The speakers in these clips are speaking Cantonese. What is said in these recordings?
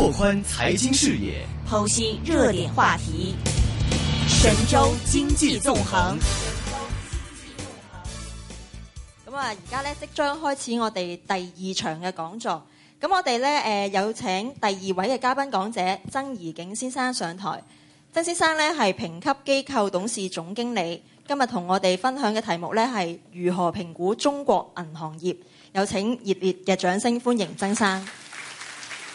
拓寬財經視野，剖析熱點話題，神州經濟縱橫。咁啊，而家咧即將開始我哋第二場嘅講座。咁我哋咧誒有請第二位嘅嘉賓講者曾怡景先生上台。曾先生呢，係評級機構董事總經理，今日同我哋分享嘅題目咧係如何評估中國銀行業。有請熱烈嘅掌聲歡迎曾生。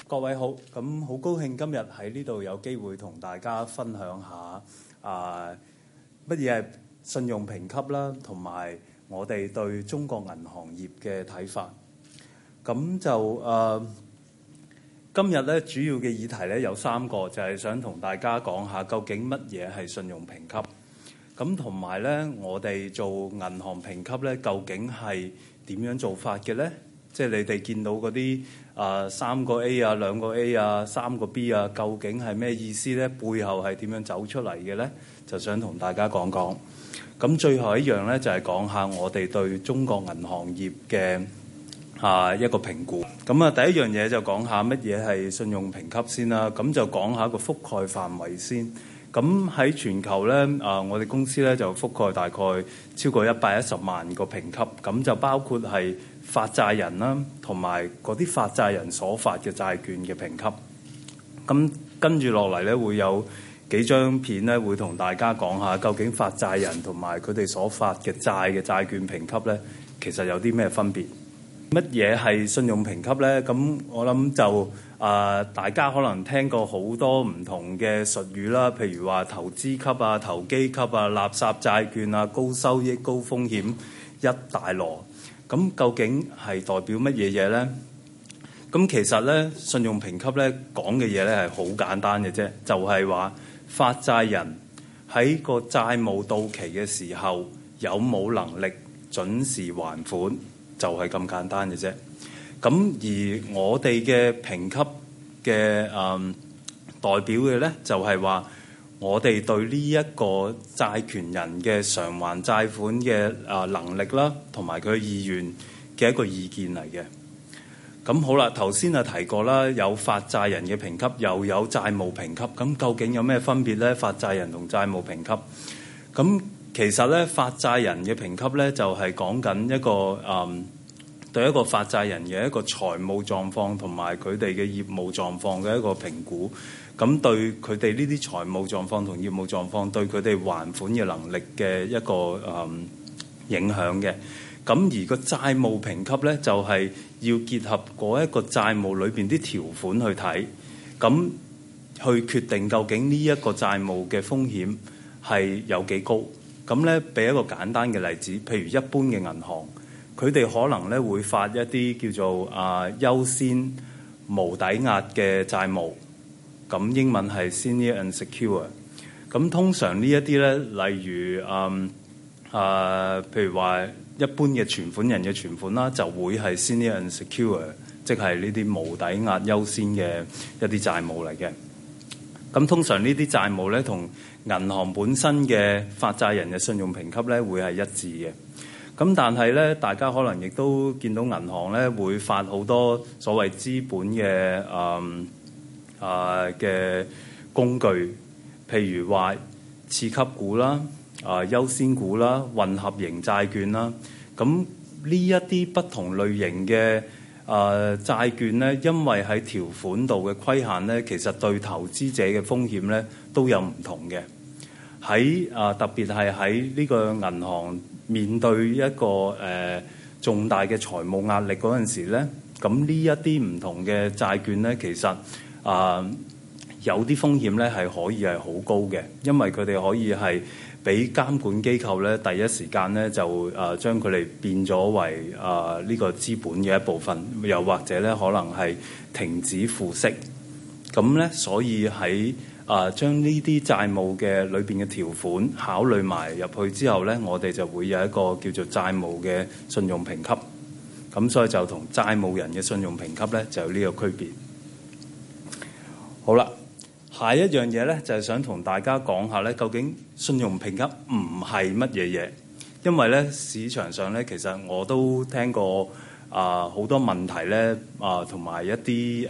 各位好，咁好高興今日喺呢度有機會同大家分享下啊乜嘢係信用評級啦，同埋我哋對中國銀行業嘅睇法。咁就誒、啊、今日咧，主要嘅議題咧有三個，就係、是、想同大家講下究竟乜嘢係信用評級。咁同埋咧，我哋做銀行評級咧，究竟係點樣做法嘅咧？即、就、係、是、你哋見到嗰啲。啊三個 A 啊兩個 A 啊三個 B 啊，究竟係咩意思呢？背後係點樣走出嚟嘅呢？就想同大家講講。咁最後一樣呢，就係講下我哋對中國銀行業嘅啊一個評估。咁啊，第一樣嘢就講下乜嘢係信用評級先啦。咁就講下個覆蓋範圍先。咁喺全球呢，啊我哋公司呢，就覆蓋大概超過一百一十萬個評級。咁就包括係。發債人啦，同埋嗰啲發債人所發嘅債券嘅評級，咁跟住落嚟呢，會有幾張片呢，會同大家講下究竟發債人同埋佢哋所發嘅債嘅債券評級呢，其實有啲咩分別？乜嘢係信用評級呢？咁我諗就啊、呃，大家可能聽過好多唔同嘅術語啦，譬如話投資級啊、投機級啊、垃圾債券啊、高收益高風險一大籮。咁究竟係代表乜嘢嘢呢？咁其實呢，信用評級呢，講嘅嘢呢係好簡單嘅啫，就係話發債人喺個債務到期嘅時候有冇能力準時還款，就係、是、咁簡單嘅啫。咁而我哋嘅評級嘅誒、嗯、代表嘅呢，就係、是、話。我哋對呢一個債權人嘅償還債款嘅啊能力啦，同埋佢嘅意願嘅一個意見嚟嘅。咁好啦，頭先啊提過啦，有發債人嘅評級，又有債務評級。咁究竟有咩分別呢？發債人同債務評級。咁其實呢，發債人嘅評級呢，就係講緊一個啊、嗯、對一個發債人嘅一個財務狀況同埋佢哋嘅業務狀況嘅一個評估。咁對佢哋呢啲財務狀況同業務狀況，對佢哋還款嘅能力嘅一個誒、嗯、影響嘅。咁而個債務評級呢，就係、是、要結合嗰一個債務裏邊啲條款去睇，咁去決定究竟呢一個債務嘅風險係有幾高。咁呢，俾一個簡單嘅例子，譬如一般嘅銀行，佢哋可能呢會發一啲叫做啊優先無抵押嘅債務。咁英文係 senior unsecured 咁通常呢一啲咧，例如誒誒、嗯啊，譬如話一般嘅存款人嘅存款啦，就會係 senior unsecured 即係呢啲無抵押優先嘅一啲債務嚟嘅。咁通常呢啲債務咧，同銀行本身嘅發債人嘅信用評級咧，會係一致嘅。咁但係咧，大家可能亦都見到銀行咧，會發好多所謂資本嘅誒。嗯啊嘅工具，譬如話次級股啦、啊優先股啦、混合型債券啦，咁呢一啲不同類型嘅啊債券咧，因為喺條款度嘅規限咧，其實對投資者嘅風險咧都有唔同嘅喺啊。特別係喺呢個銀行面對一個誒、啊、重大嘅財務壓力嗰陣時咧，咁呢一啲唔同嘅債券咧，其實。啊，uh, 有啲風險咧，係可以係好高嘅，因為佢哋可以係俾監管機構咧，第一時間咧就啊將佢哋變咗為啊呢、呃這個資本嘅一部分，又或者咧可能係停止付息咁咧。所以喺啊將呢啲債、呃、務嘅裏邊嘅條款考慮埋入去之後咧，我哋就會有一個叫做債務嘅信用評級咁，所以就同債務人嘅信用評級咧就有呢個區別。好啦，下一樣嘢呢，就係想同大家講下呢，究竟信用評級唔係乜嘢嘢？因為呢市場上呢，其實我都聽過啊好多問題呢，啊，同埋一啲誒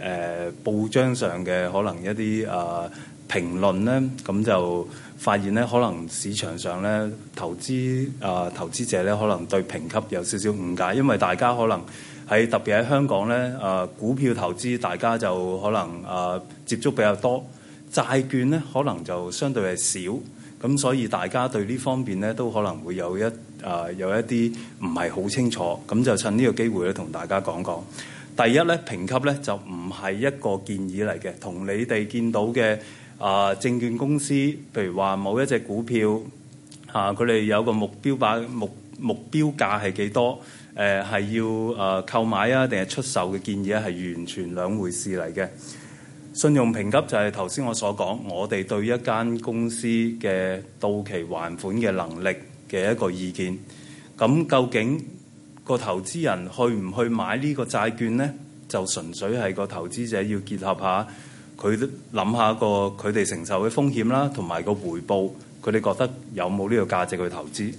報章上嘅可能一啲誒評論呢，咁就發現呢，可能市場上呢，投資啊投資者呢，可能對評級有少少誤解，因為大家可能。喺特別喺香港咧，誒、啊、股票投資大家就可能誒、啊、接觸比較多，債券咧可能就相對係少，咁所以大家對呢方面咧都可能會有一誒、啊、有一啲唔係好清楚，咁就趁呢個機會咧同大家講講。第一咧，評級咧就唔係一個建議嚟嘅，同你哋見到嘅誒、啊、證券公司，譬如話某一隻股票嚇，佢、啊、哋有個目標把目。目標價係幾多？誒、呃、係要誒、呃、購買啊，定係出售嘅建議咧、啊，係完全兩回事嚟嘅。信用評級就係頭先我所講，我哋對一間公司嘅到期還款嘅能力嘅一個意見。咁究竟個投資人去唔去買呢個債券呢？就純粹係個投資者要結合下佢諗下個佢哋承受嘅風險啦，同埋個回報，佢哋覺得有冇呢個價值去投資。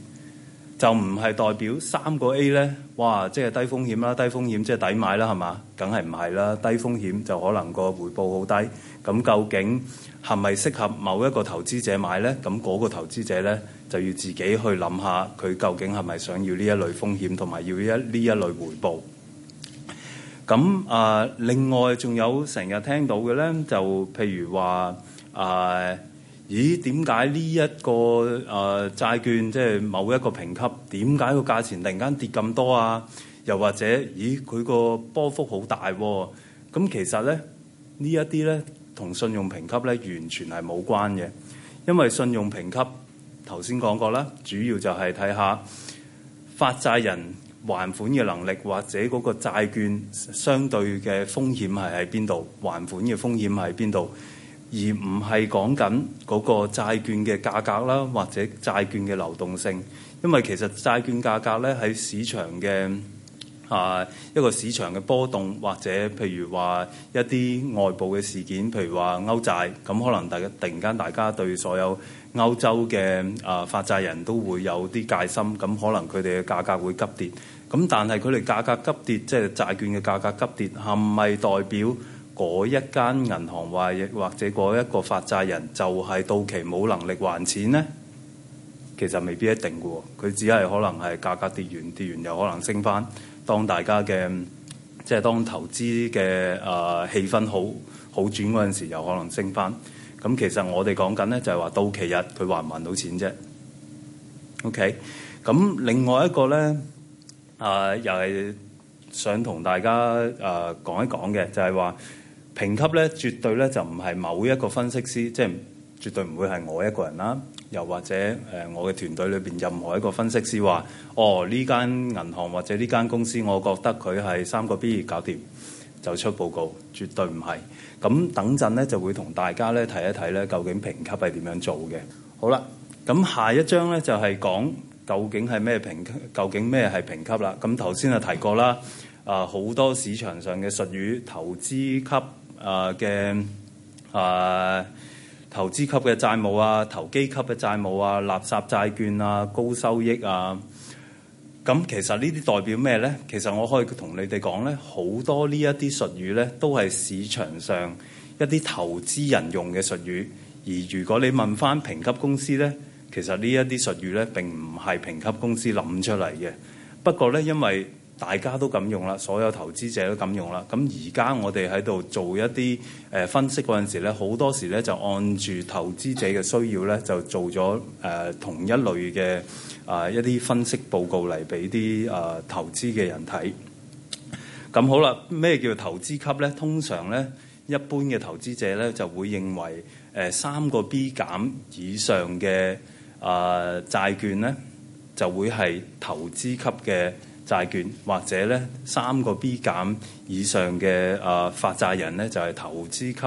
就唔係代表三個 A 呢，哇！即係低風險啦，低風險即係抵買啦，係嘛？梗係唔係啦，低風險就可能個回報好低。咁究竟係咪適合某一個投資者買呢？咁嗰個投資者呢就要自己去諗下，佢究竟係咪想要呢一類風險同埋要呢一呢一類回報。咁啊，另外仲有成日聽到嘅呢，就譬如話啊。咦？點解呢一個誒、呃、債券即係、就是、某一個評級，點解個價錢突然間跌咁多啊？又或者咦？佢個波幅好大喎，啊？咁其實咧呢一啲咧同信用評級咧完全係冇關嘅，因為信用評級頭先講過啦，主要就係睇下發債人還款嘅能力，或者嗰個債券相對嘅風險係喺邊度，還款嘅風險係喺邊度。而唔係講緊嗰個債券嘅價格啦，或者債券嘅流動性，因為其實債券價格呢，喺市場嘅啊一個市場嘅波動，或者譬如話一啲外部嘅事件，譬如話歐債，咁可能大家突然間大家對所有歐洲嘅啊發債人都會有啲戒心，咁可能佢哋嘅價格會急跌。咁但係佢哋價格急跌，即係債券嘅價格急跌，係唔係代表？嗰一間銀行話，亦或者嗰一個發債人就係、是、到期冇能力還錢呢，其實未必一定嘅喎。佢只係可能係價格跌完跌完，又可能升翻。當大家嘅即係當投資嘅啊、呃、氣氛好好轉嗰陣時，又可能升翻。咁、嗯、其實我哋講緊呢，就係話到期日佢還唔還到錢啫。OK，咁另外一個呢，啊、呃，又係想同大家啊、呃、講一講嘅就係、是、話。評級咧，絕對咧就唔係某一個分析師，即係絕對唔會係我一個人啦，又或者誒我嘅團隊裏邊任何一個分析師話：哦呢間銀行或者呢間公司，我覺得佢係三個 B 搞掂，就出報告，絕對唔係。咁等陣咧就會同大家咧睇一睇咧，究竟評級係點樣做嘅。好啦，咁下一章咧就係講究竟係咩評級，究竟咩係評級啦。咁頭先啊提過啦，啊好多市場上嘅術語，投資級。啊嘅啊投資級嘅債務啊，投機級嘅債務啊，垃圾債券啊，高收益啊，咁、啊、其實呢啲代表咩呢？其實我可以同你哋講呢，好多呢一啲術語呢，都係市場上一啲投資人用嘅術語。而如果你問返評級公司呢，其實呢一啲術語呢，並唔係評級公司諗出嚟嘅。不過呢，因為大家都咁用啦，所有投資者都咁用啦。咁而家我哋喺度做一啲誒分析嗰陣時咧，好多時咧就按住投資者嘅需要咧，就做咗誒、呃、同一類嘅啊、呃、一啲分析報告嚟俾啲誒投資嘅人睇。咁好啦，咩叫投資級咧？通常咧，一般嘅投資者咧就會認為誒、呃、三個 B 減以上嘅啊、呃、債券咧就會係投資級嘅。債券或者咧三個 B 減以上嘅啊、呃、發債人咧，就係、是、投資級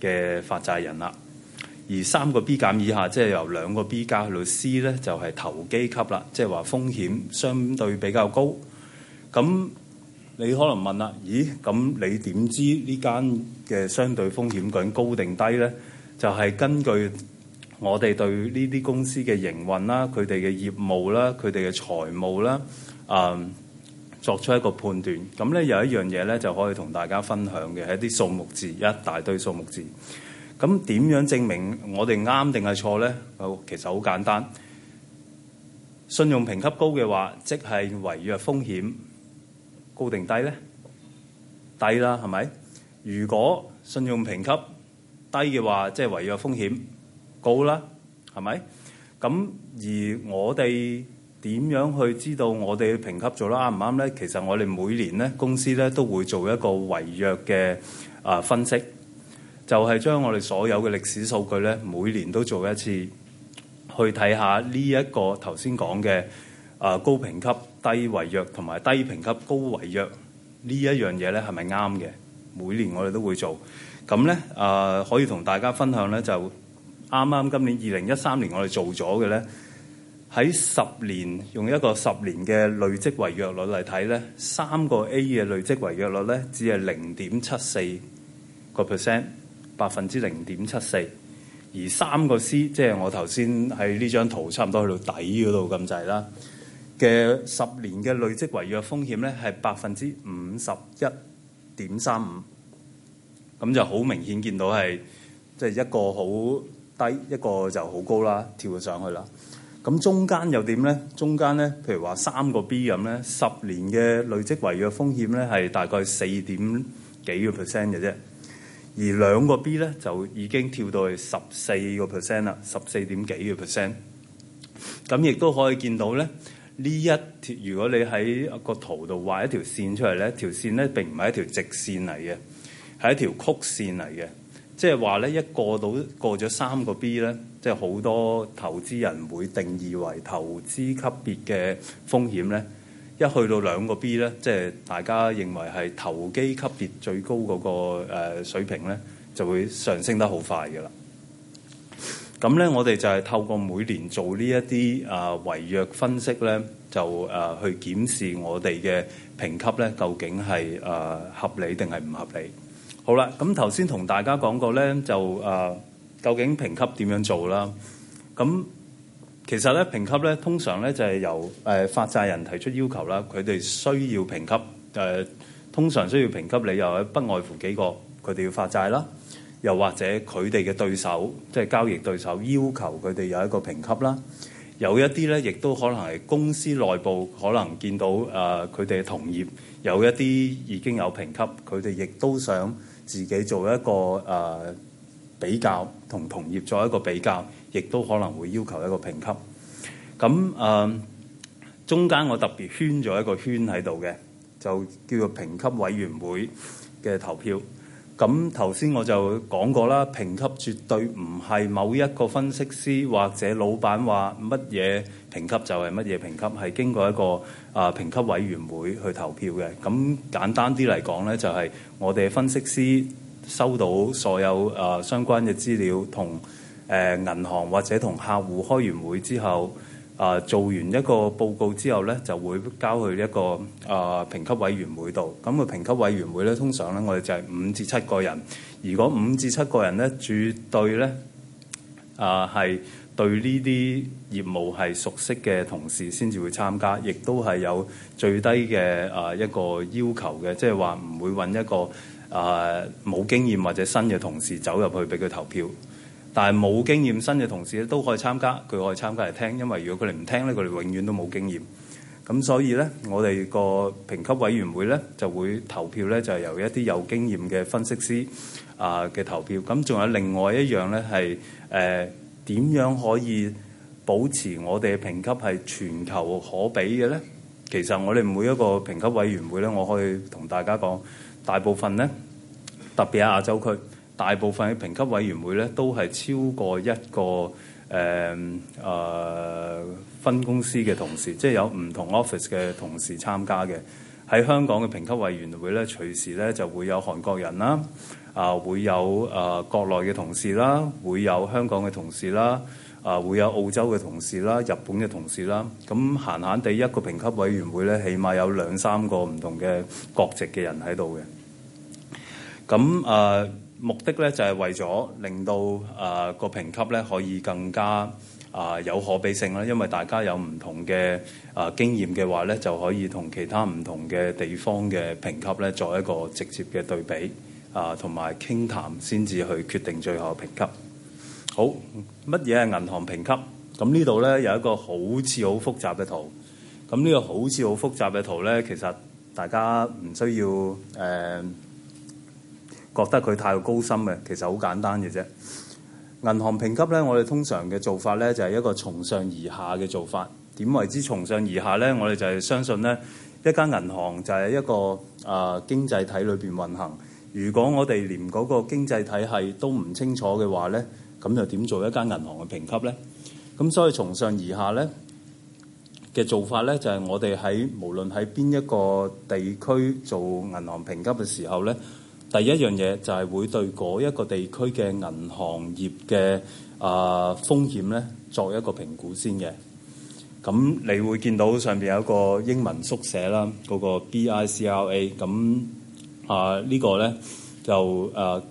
嘅發債人啦。而三個 B 減以下，即係由兩個 B 加去到 C 咧，就係、是、投機級啦。即係話風險相對比較高。咁你可能問啦，咦？咁你點知呢間嘅相對風險究竟高定低咧？就係、是、根據我哋對呢啲公司嘅營運啦、佢哋嘅業務啦、佢哋嘅財務啦。Um, 作出一個判斷，咁呢有一樣嘢呢就可以同大家分享嘅係一啲數目字，一大堆數目字。咁點樣證明我哋啱定係錯呢？好，其實好簡單。信用評級高嘅話，即係違約風險高定低呢？低啦，係咪？如果信用評級低嘅話，即係違約風險高啦，係咪？咁而我哋，點樣去知道我哋評級做得啱唔啱呢？其實我哋每年呢公司呢都會做一個違約嘅啊分析，就係將我哋所有嘅歷史數據呢，每年都做一次，去睇下呢一個頭先講嘅啊高評級低違約同埋低評級高違約呢一樣嘢呢係咪啱嘅？每年我哋都會做，咁呢啊可以同大家分享呢就啱啱今年二零一三年我哋做咗嘅呢。喺十年用一個十年嘅累積違約率嚟睇咧，三個 A 嘅累積違約率咧，只係零點七四個 percent，百分之零點七四。而三個 C，即係我頭先喺呢張圖差唔多去到，到底嗰度咁滯啦嘅十年嘅累積違約風險咧，係百分之五十一點三五。咁就好明顯見到係即係一個好低，一個就好高啦，跳咗上去啦。咁中間又點呢？中間呢，譬如話三個 B 咁呢，十年嘅累積違約風險呢係大概四點幾個 percent 嘅啫。而兩個 B 呢，就已經跳到去十四個 percent 啦，十四點幾個 percent。咁亦都可以見到呢，呢一條如果你喺個圖度畫一條線出嚟，呢條線呢並唔係一條直線嚟嘅，係一條曲線嚟嘅。即係話呢，一過到過咗三個 B 呢。即係好多投資人會定義為投資級別嘅風險呢，一去到兩個 B 呢，即係大家認為係投機級別最高嗰、那個、呃、水平呢，就會上升得好快嘅啦。咁呢，我哋就係透過每年做呢一啲啊違約分析呢，就誒、呃、去檢視我哋嘅評級呢，究竟係誒、呃、合理定係唔合理？好啦，咁頭先同大家講過呢，就誒。呃究竟評級點樣做啦？咁其實咧評級咧通常咧就係由誒發債人提出要求啦，佢哋需要評級誒、呃，通常需要評級理由咧不外乎幾個，佢哋要發債啦，又或者佢哋嘅對手即係交易對手要求佢哋有一個評級啦。有一啲咧亦都可能係公司內部可能見到誒佢哋嘅同業有一啲已經有評級，佢哋亦都想自己做一個誒。呃比較同同業作一個比較，亦都可能會要求一個評級。咁誒、嗯，中間我特別圈咗一個圈喺度嘅，就叫做評級委員會嘅投票。咁頭先我就講過啦，評級絕對唔係某一個分析師或者老闆話乜嘢評級就係乜嘢評級，係經過一個啊、呃、評級委員會去投票嘅。咁簡單啲嚟講呢，就係、係、我哋分析師。收到所有誒、呃、相關嘅資料，同誒、呃、銀行或者同客戶開完會之後，啊、呃、做完一個報告之後呢，就會交去一個啊、呃、評級委員會度。咁個評級委員會呢，通常呢，我哋就係五至七個人。如果五至七個人呢，絕對呢啊係對呢啲、呃、業務係熟悉嘅同事先至會參加，亦都係有最低嘅啊、呃、一個要求嘅，即係話唔會揾一個。啊！冇經驗或者新嘅同事走入去俾佢投票，但係冇經驗新嘅同事咧，都可以參加，佢可以參加嚟聽。因為如果佢哋唔聽咧，佢哋永遠都冇經驗。咁所以呢，我哋個評級委員會呢就會投票呢就係由一啲有經驗嘅分析師啊嘅投票。咁仲有另外一樣呢係誒點樣可以保持我哋嘅評級係全球可比嘅呢？其實我哋每一個評級委員會呢，我可以同大家講。大部分呢，特別係亞洲區，大部分嘅評級委員會呢都係超過一個誒啊、呃呃、分公司嘅同事，即係有唔同 office 嘅同事參加嘅。喺香港嘅評級委員會呢，隨時呢就會有韓國人啦，啊、呃、會有啊、呃、國內嘅同事啦，會有香港嘅同事啦。啊，會有澳洲嘅同事啦，日本嘅同事啦，咁、啊、閒閒地一個評級委員會咧，起碼有兩三個唔同嘅國籍嘅人喺度嘅。咁啊，目的咧就係、是、為咗令到啊個評級咧可以更加啊有可比性啦，因為大家有唔同嘅啊經驗嘅話咧，就可以同其他唔同嘅地方嘅評級咧作一個直接嘅對比啊，同埋傾談先至去決定最後嘅評級。好，乜嘢係銀行評級？咁呢度呢，有一個好似好複雜嘅圖。咁呢個好似好複雜嘅圖呢，其實大家唔需要誒、呃、覺得佢太高深嘅，其實好簡單嘅啫。銀行評級呢，我哋通常嘅做法呢，就係、是、一個從上而下嘅做法。點為之從上而下呢？我哋就係相信呢，一間銀行就係一個啊、呃、經濟體裏邊運行。如果我哋連嗰個經濟體系都唔清楚嘅話呢。咁又點做一間銀行嘅評級咧？咁所以從上而下咧嘅做法咧，就係我哋喺無論喺邊一個地區做銀行評級嘅時候咧，第一樣嘢就係會對嗰一個地區嘅銀行業嘅啊風險咧作一個評估先嘅。咁你會見到上邊有一個英文縮寫啦，嗰個 BICRA。咁啊呢個咧就啊。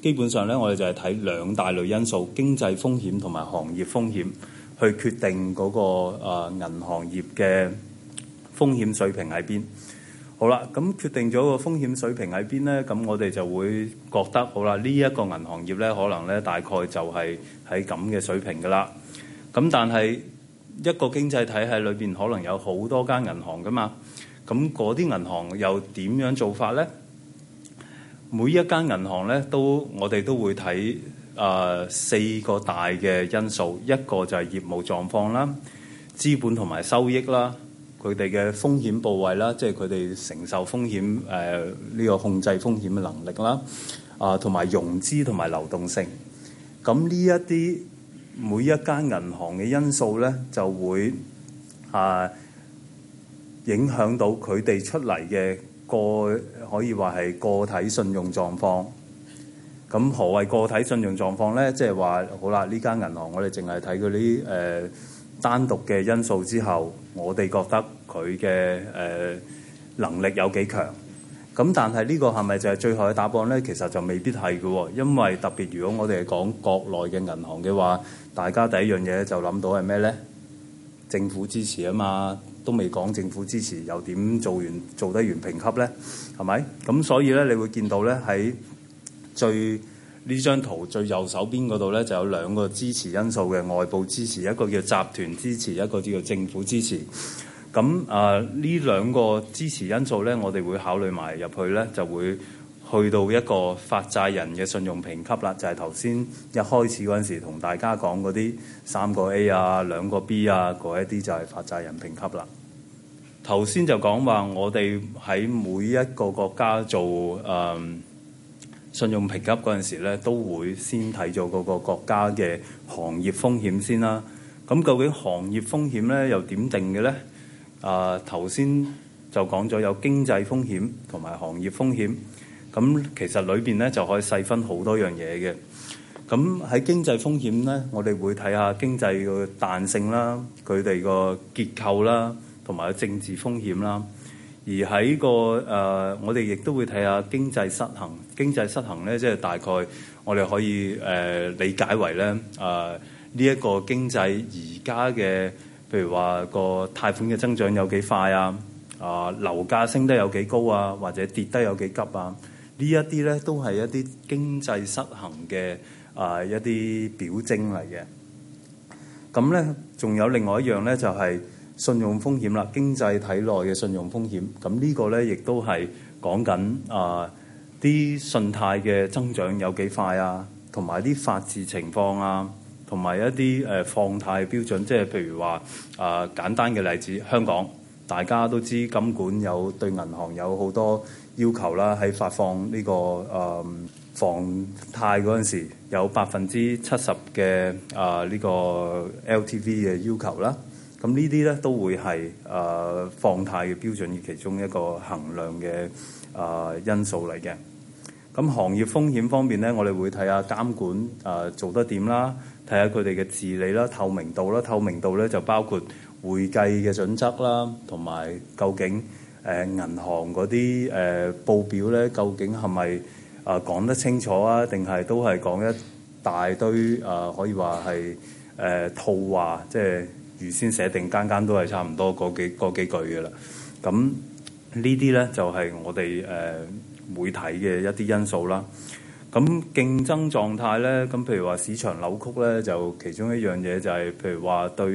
基本上咧，我哋就係睇兩大類因素：經濟風險同埋行業風險，去決定嗰個誒銀行業嘅風險水平喺邊。好啦，咁決定咗個風險水平喺邊咧，咁我哋就會覺得好啦。呢一個銀行業咧，可能咧大概就係喺咁嘅水平噶啦。咁但係一個經濟體系裏邊可能有好多間銀行噶嘛，咁嗰啲銀行又點樣做法咧？每一間銀行咧，都我哋都會睇啊四個大嘅因素，一個就係業務狀況啦，資本同埋收益啦，佢哋嘅風險部位啦，即係佢哋承受風險誒呢個控制風險嘅能力啦，啊同埋融資同埋流動性。咁呢一啲每一間銀行嘅因素咧，就會啊影響到佢哋出嚟嘅個可以話係個體信用狀況，咁何謂個體信用狀況呢？即係話好啦，呢間銀行我哋淨係睇佢啲誒單獨嘅因素之後，我哋覺得佢嘅誒能力有幾強。咁但係呢個係咪就係最後嘅答案呢？其實就未必係嘅，因為特別如果我哋係講國內嘅銀行嘅話，大家第一樣嘢就諗到係咩呢？政府支持啊嘛。都未講政府支持，又點做完做得完評級呢？係咪？咁所以呢，你會見到呢，喺最呢張圖最右手邊嗰度呢，就有兩個支持因素嘅外部支持，一個叫集團支持，一個叫做政府支持。咁啊，呃，呢兩個支持因素呢，我哋會考慮埋入去呢，就會。去到一個發債人嘅信用評級啦，就係頭先一開始嗰陣時同大家講嗰啲三個 A 啊，兩個 B 啊嗰一啲就係發債人評級啦。頭先就講話我哋喺每一個國家做誒、嗯、信用評級嗰陣時咧，都會先睇咗嗰個國家嘅行業風險先啦。咁究竟行業風險呢？又點定嘅呢？啊，頭先就講咗有經濟風險同埋行業風險。咁其實裏邊咧就可以細分好多樣嘢嘅。咁喺經濟風險咧，我哋會睇下經濟嘅彈性啦，佢哋個結構啦，同埋政治風險啦。而喺個誒，我哋亦都會睇下經濟失衡。經濟失衡咧，即係大概我哋可以誒理解為咧誒呢一個經濟而家嘅，譬如話個貸款嘅增長有幾快啊？啊樓價升得有幾高啊？或者跌得有幾急啊？呢一啲呢都係一啲經濟失衡嘅啊、呃、一啲表徵嚟嘅，咁呢仲有另外一樣呢，就係、是、信用風險啦，經濟體內嘅信用風險。咁呢個呢亦都係講緊啊啲信貸嘅增長有幾快啊，同埋啲法治情況啊，同埋一啲誒、呃、放貸標準，即係譬如話啊、呃、簡單嘅例子，香港大家都知，金管有對銀行有好多要求啦，喺發放呢、呢個誒房貸嗰陣時，有百分之七十嘅誒呢個 LTV 嘅要求啦。咁、嗯、呢啲咧都會係誒放貸嘅標準嘅其中一個衡量嘅誒、呃、因素嚟嘅。咁、嗯、行業風險方面咧，我哋會睇下監管誒、呃、做得點啦，睇下佢哋嘅治理啦、透明度啦。透明度咧就包括會計嘅準則啦，同埋究竟。誒銀行嗰啲誒報表咧，究竟係咪啊講得清楚啊？定係都係講一大堆啊、呃？可以話係誒套話，即係預先寫定，間間都係差唔多嗰幾嗰幾句嘅啦。咁呢啲咧就係、是、我哋誒會睇嘅一啲因素啦。咁競爭狀態呢，咁譬如話市場扭曲呢，就其中一樣嘢就係、是，譬如話對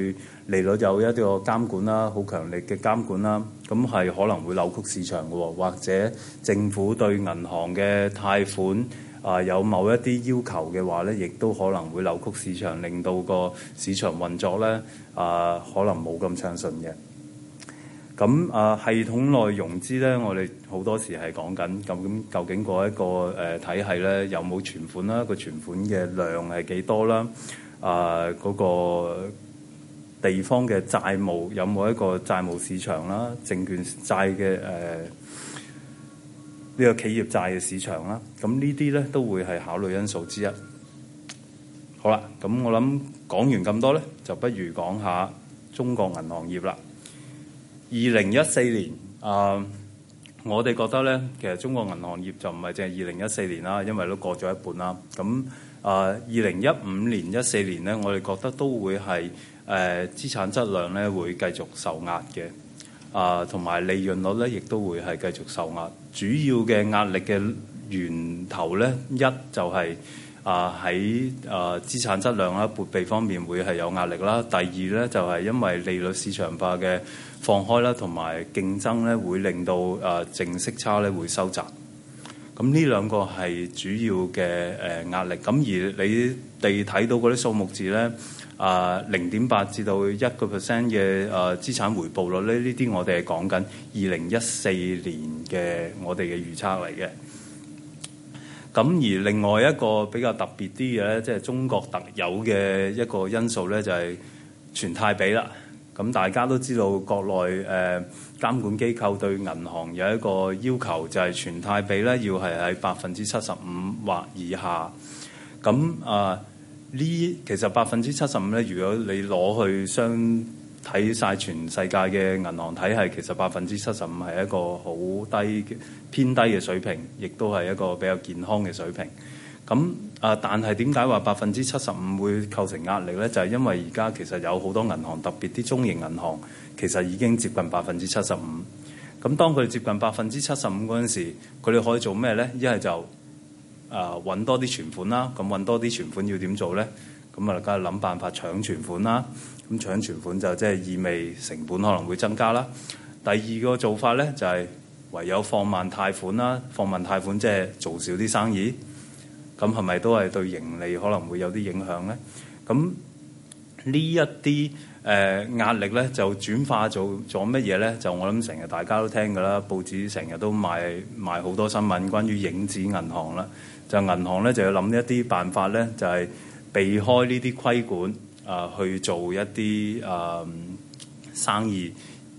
利率有一個監管啦，好強力嘅監管啦，咁係可能會扭曲市場嘅，或者政府對銀行嘅貸款啊、呃、有某一啲要求嘅話呢，亦都可能會扭曲市場，令到個市場運作呢，啊、呃、可能冇咁暢順嘅。咁啊，系統內融資咧，我哋好多時係講緊咁。究竟嗰、那、一個誒、呃、體系咧，有冇存款啦？個存款嘅量係幾多啦？啊，嗰、那個地方嘅債務有冇一個債務市場啦？證券債嘅誒呢個企業債嘅市場啦。咁呢啲咧都會係考慮因素之一。好啦，咁我諗講完咁多咧，就不如講下中國銀行業啦。二零一四年啊，uh, 我哋覺得呢，其實中國銀行業就唔係淨係二零一四年啦，因為都過咗一半啦。咁啊，二零一五年一四年呢，我哋覺得都會係誒、uh, 資產質量呢會繼續受壓嘅啊，同、uh, 埋利潤率呢亦都會係繼續受壓。主要嘅壓力嘅源頭呢，一就係啊喺啊資產質量啦、撥備方面會係有壓力啦。第二呢，就係、係、因為利率市場化嘅。放開啦，同埋競爭咧，會令到啊、呃、淨息差咧會收窄。咁呢兩個係主要嘅誒壓力。咁而你哋睇到嗰啲數目字咧，啊零點八至到一個 percent 嘅啊資產回報率呢，呢啲我哋係講緊二零一四年嘅我哋嘅預測嚟嘅。咁而另外一個比較特別啲嘅咧，即係中國特有嘅一個因素咧，就係、是、全泰比啦。咁大家都知道，國內誒、呃、監管機構對銀行有一個要求，就係存貸比咧要係喺百分之七十五或以下。咁啊、呃，呢其實百分之七十五咧，如果你攞去相睇晒全世界嘅銀行體系，其實百分之七十五係一個好低嘅偏低嘅水平，亦都係一個比較健康嘅水平。咁但係點解話百分之七十五會構成壓力呢？就係、是、因為而家其實有好多銀行，特別啲中型銀行，其實已經接近百分之七十五。咁當佢接近百分之七十五嗰陣時，佢哋可以做咩呢？一係就啊，揾、呃、多啲存款啦。咁揾多啲存款要點做呢？咁啊，梗係諗辦法搶存款啦。咁搶存款就即係意味成本可能會增加啦。第二個做法呢，就係、是、唯有放慢貸款啦，放慢貸款即係做少啲生意。咁係咪都係對盈利可能會有啲影響呢？咁呢一啲誒壓力咧，就轉化做咗乜嘢呢？就我諗成日大家都聽㗎啦，報紙成日都賣賣好多新聞關於影子銀行啦。就銀行咧就要諗一啲辦法咧，就係、是、避開呢啲規管啊、呃，去做一啲誒、呃、生意，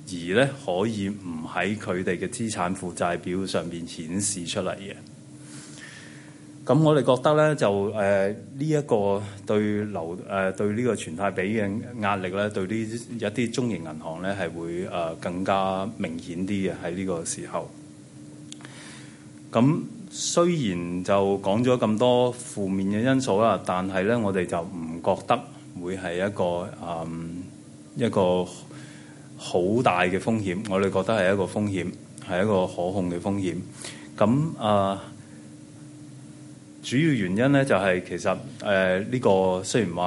而咧可以唔喺佢哋嘅資產負債表上面顯示出嚟嘅。咁我哋覺得呢，就誒呢一個對流誒、呃、對呢個存貸比嘅壓力呢，對呢一啲中型銀行呢係會誒、呃、更加明顯啲嘅喺呢個時候。咁雖然就講咗咁多負面嘅因素啦，但係呢，我哋就唔覺得會係一個誒、呃、一個好大嘅風險。我哋覺得係一個風險，係一個可控嘅風險。咁啊。呃主要原因咧就係、是、其實誒呢、呃這個雖然話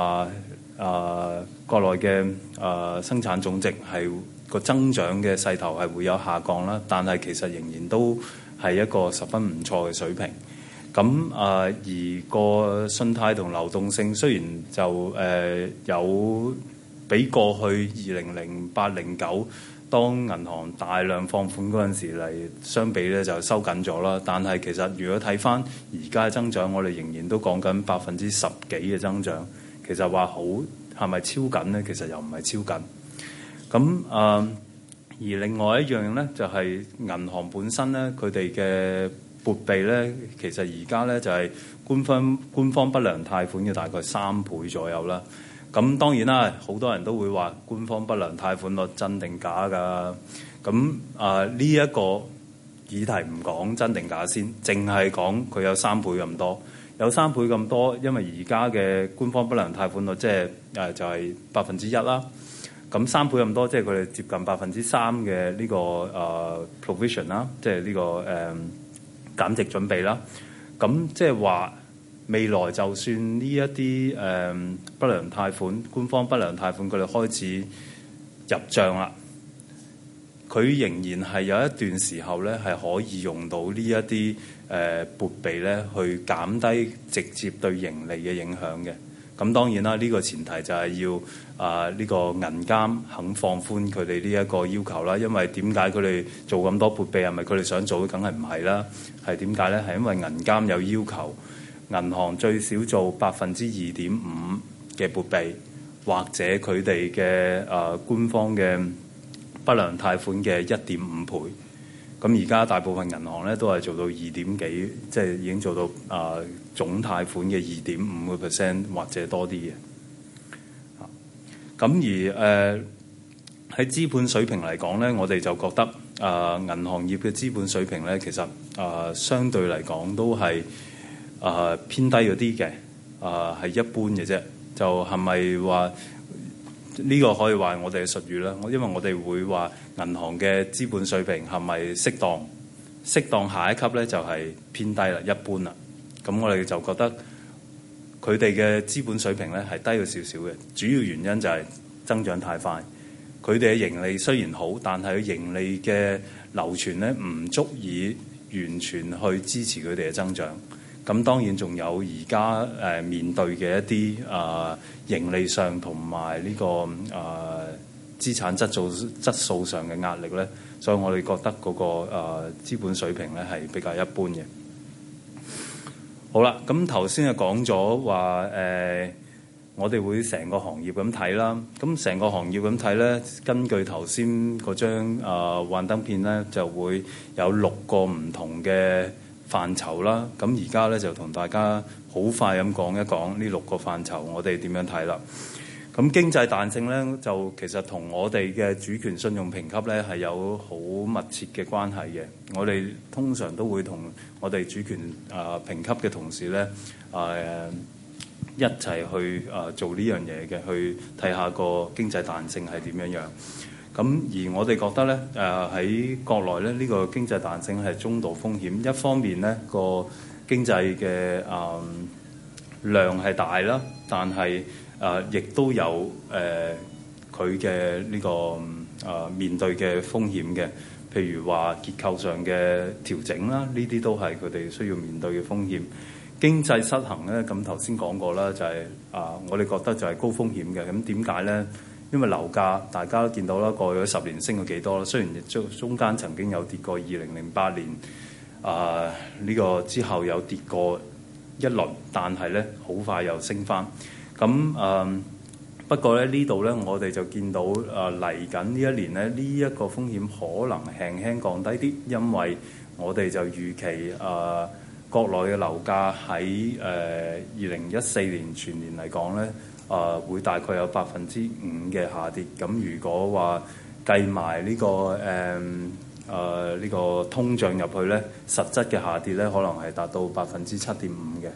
啊、呃、國內嘅啊生產總值係個增長嘅勢頭係會有下降啦，但係其實仍然都係一個十分唔錯嘅水平。咁啊、呃、而個信貸同流動性雖然就誒、呃、有比過去二零零八零九當銀行大量放款嗰陣時嚟相比咧就收緊咗啦，但係其實如果睇返而家嘅增長，我哋仍然都講緊百分之十幾嘅增長，其實話好係咪超緊呢？其實又唔係超緊。咁誒、呃，而另外一樣呢，就係、是、銀行本身呢，佢哋嘅撥備呢，其實而家呢，就係、是、官方官方不良貸款嘅大概三倍左右啦。咁當然啦，好多人都會話官方不良貸款率真定假㗎？咁啊呢一個議題唔講真定假先，淨係講佢有三倍咁多，有三倍咁多，因為而家嘅官方不良貸款率即係誒就係百分之一啦。咁三倍咁多，即係佢哋接近百分之三嘅呢個誒、呃、provision 啦，即係呢個誒、呃、減值準備啦。咁即係話。未來就算呢一啲誒不良貸款，官方不良貸款，佢哋開始入帳啦。佢仍然係有一段時候呢，係可以用到呢一啲誒撥備呢，去減低直接對盈利嘅影響嘅。咁當然啦，呢個前提就係要啊呢個銀監肯放寬佢哋呢一個要求啦。因為點解佢哋做咁多撥備係咪佢哋想做？梗係唔係啦？係點解呢？係因為銀監有要求。銀行最少做百分之二點五嘅撥備，或者佢哋嘅誒官方嘅不良貸款嘅一點五倍。咁而家大部分銀行咧都係做到二點幾，即係已經做到誒、呃、總貸款嘅二點五個 percent 或者多啲嘅。咁而誒喺資本水平嚟講咧，我哋就覺得誒、呃、銀行業嘅資本水平咧，其實誒、呃、相對嚟講都係。啊、呃，偏低嗰啲嘅啊，係、呃、一般嘅啫。就係咪話呢個可以話我哋嘅術語啦。因為我哋會話銀行嘅資本水平係咪適當？適當下一級呢就係偏低啦，一般啦。咁我哋就覺得佢哋嘅資本水平呢係低咗少少嘅。主要原因就係增長太快，佢哋嘅盈利雖然好，但係佢盈利嘅流傳呢唔足以完全去支持佢哋嘅增長。咁當然仲有而家誒面對嘅一啲啊、呃、盈利上同埋呢個啊、呃、資產質素質素上嘅壓力咧，所以我哋覺得嗰、那個啊、呃、資本水平咧係比較一般嘅。好啦，咁頭先係講咗話誒，我哋會成個行業咁睇啦。咁成個行業咁睇咧，根據頭先嗰張、呃、幻燈片咧，就會有六個唔同嘅範疇啦，咁而家咧就同大家好快咁講一講呢六個範疇，我哋點樣睇啦？咁經濟彈性呢，就其實同我哋嘅主權信用評級呢係有好密切嘅關係嘅。我哋通常都會同我哋主權啊、呃、評級嘅同事呢啊、呃、一齊去啊、呃、做呢樣嘢嘅，去睇下個經濟彈性係點樣樣。咁而我哋覺得呢，誒、呃、喺國內咧，呢、這個經濟彈性係中度風險。一方面呢、這個經濟嘅誒量係大啦，但係誒、呃、亦都有誒佢嘅呢個誒、呃、面對嘅風險嘅，譬如話結構上嘅調整啦，呢啲都係佢哋需要面對嘅風險。經濟失衡呢，咁頭先講過啦，就係、是、啊、呃，我哋覺得就係高風險嘅。咁點解呢？因為樓價，大家都見到啦，過去嗰十年升咗幾多啦。雖然中中間曾經有跌過，二零零八年啊呢個之後有跌過一輪，但係呢好快又升翻。咁誒、呃、不過咧呢度呢，我哋就見到誒嚟緊呢一年呢，呢、這、一個風險可能輕輕降低啲，因為我哋就預期誒、呃、國內嘅樓價喺誒二零一四年全年嚟講呢。啊、呃，會大概有百分之五嘅下跌。咁如果話計埋呢、呢個誒啊呢個通脹入去呢，實質嘅下跌呢，可能係達到百分之七點五嘅。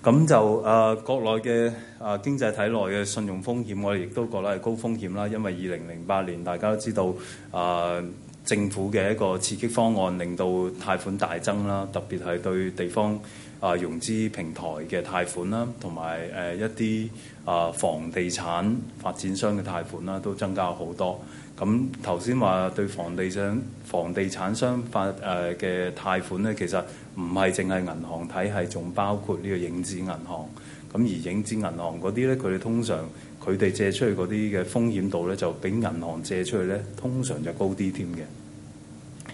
咁就啊、呃，國內嘅啊、呃、經濟體內嘅信用風險，我哋亦都覺得係高風險啦。因為二零零八年大家都知道啊、呃，政府嘅一個刺激方案令到貸款大增啦，特別係對地方。啊！融資平台嘅貸款啦，同埋誒一啲啊、呃、房地產發展商嘅貸款啦，都增加好多。咁頭先話對房地產房地產商發誒嘅、呃、貸款咧，其實唔係淨係銀行體系，仲包括呢個影子銀行。咁而影子銀行嗰啲咧，佢哋通常佢哋借出去嗰啲嘅風險度咧，就比銀行借出去咧，通常就高啲添嘅。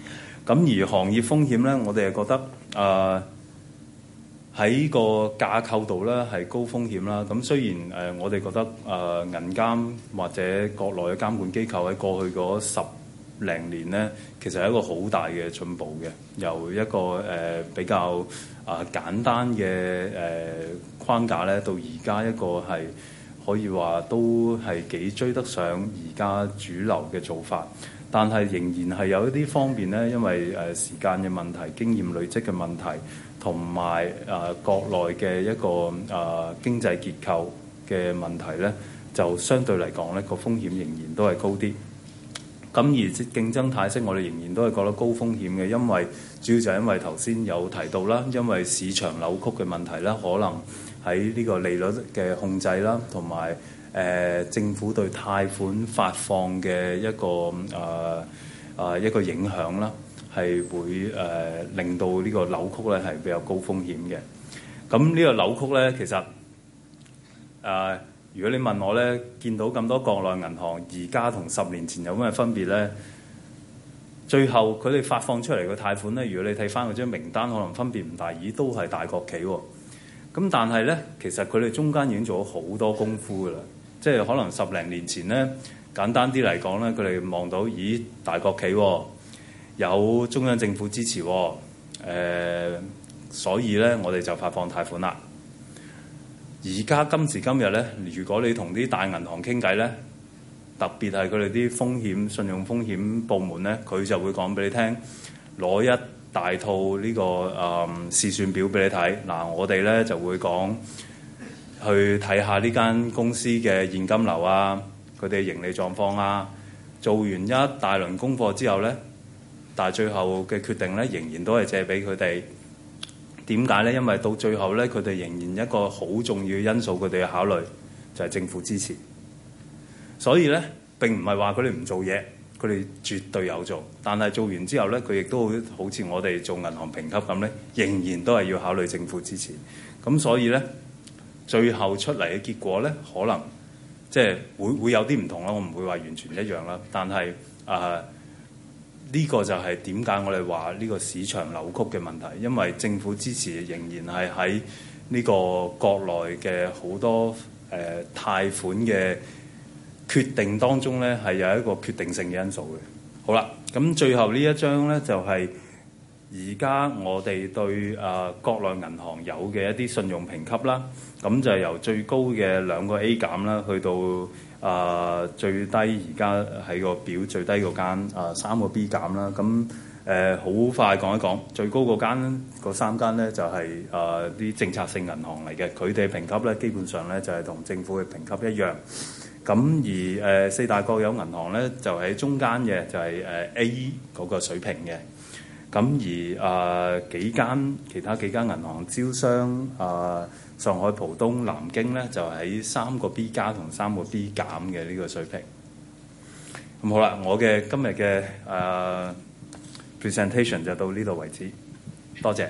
咁而行業風險咧，我哋係覺得啊、呃喺個架構度咧係高風險啦。咁雖然誒、呃，我哋覺得誒、呃、銀監或者國內嘅監管機構喺過去嗰十零年呢，其實係一個好大嘅進步嘅，由一個誒、呃、比較啊、呃、簡單嘅誒、呃、框架咧，到而家一個係可以話都係幾追得上而家主流嘅做法，但係仍然係有一啲方面呢，因為誒時間嘅問題、經驗累積嘅問題。同埋誒國內嘅一個誒、呃、經濟結構嘅問題呢，就相對嚟講呢個風險仍然都係高啲。咁而競爭態勢，我哋仍然都係覺得高風險嘅，因為主要就係因為頭先有提到啦，因為市場扭曲嘅問題啦，可能喺呢個利率嘅控制啦，同埋誒政府對貸款發放嘅一個誒誒、呃呃、一個影響啦。係會誒、呃、令到呢個扭曲咧係比較高風險嘅。咁呢個扭曲咧，其實誒、呃，如果你問我咧，見到咁多國內銀行而家同十年前有咩分別咧？最後佢哋發放出嚟嘅貸款咧，如果你睇翻嗰張名單，可能分別唔大，咦？都係大國企喎、哦。咁但係咧，其實佢哋中間已經做咗好多功夫噶啦。即係可能十零年前咧，簡單啲嚟講咧，佢哋望到咦？大國企喎、哦。有中央政府支持、哦，誒、呃，所以呢，我哋就發放貸款啦。而家今時今日呢，如果你同啲大銀行傾偈呢，特別係佢哋啲風險信用風險部門呢，佢就會講俾你聽攞一大套呢、呢個誒、嗯、試算表俾你睇嗱。我哋呢就會講去睇下呢間公司嘅現金流啊，佢哋嘅盈利狀況啊，做完一大輪功課之後呢。但係最後嘅決定咧，仍然都係借俾佢哋。點解呢？因為到最後呢，佢哋仍然一個好重要因素，佢哋要考慮就係政府支持。所以呢，並唔係話佢哋唔做嘢，佢哋絕對有做。但係做完之後呢，佢亦都好似我哋做銀行評級咁呢，仍然都係要考慮政府支持。咁所以呢，最後出嚟嘅結果呢，可能即係會會有啲唔同啦。我唔會話完全一樣啦。但係啊。呃呢個就係點解我哋話呢個市場扭曲嘅問題，因為政府支持仍然係喺呢個國內嘅好多誒、呃、貸款嘅決定當中呢，係有一個決定性嘅因素嘅。好啦，咁最後呢一張呢，就係而家我哋對啊、呃、國內銀行有嘅一啲信用評級啦，咁就由最高嘅兩個 A 減啦，去到，啊、呃，最低而家喺個表最低嗰間啊、呃、三個 B 減啦，咁誒好快講一講，最高嗰間嗰三間呢，就係啊啲政策性銀行嚟嘅，佢哋嘅評級呢，基本上呢，就係、是、同政府嘅評級一樣，咁而誒、呃、四大國有銀行呢，就喺中間嘅，就係、是、誒、呃、A 嗰個水平嘅，咁而啊、呃、幾間其他幾間銀行招商啊，呃上海浦東、南京呢，就喺、是、三個 B 加同三個 B 減嘅呢個水平。嗯、好啦，我嘅今日嘅、uh, presentation 就到呢度為止，多謝。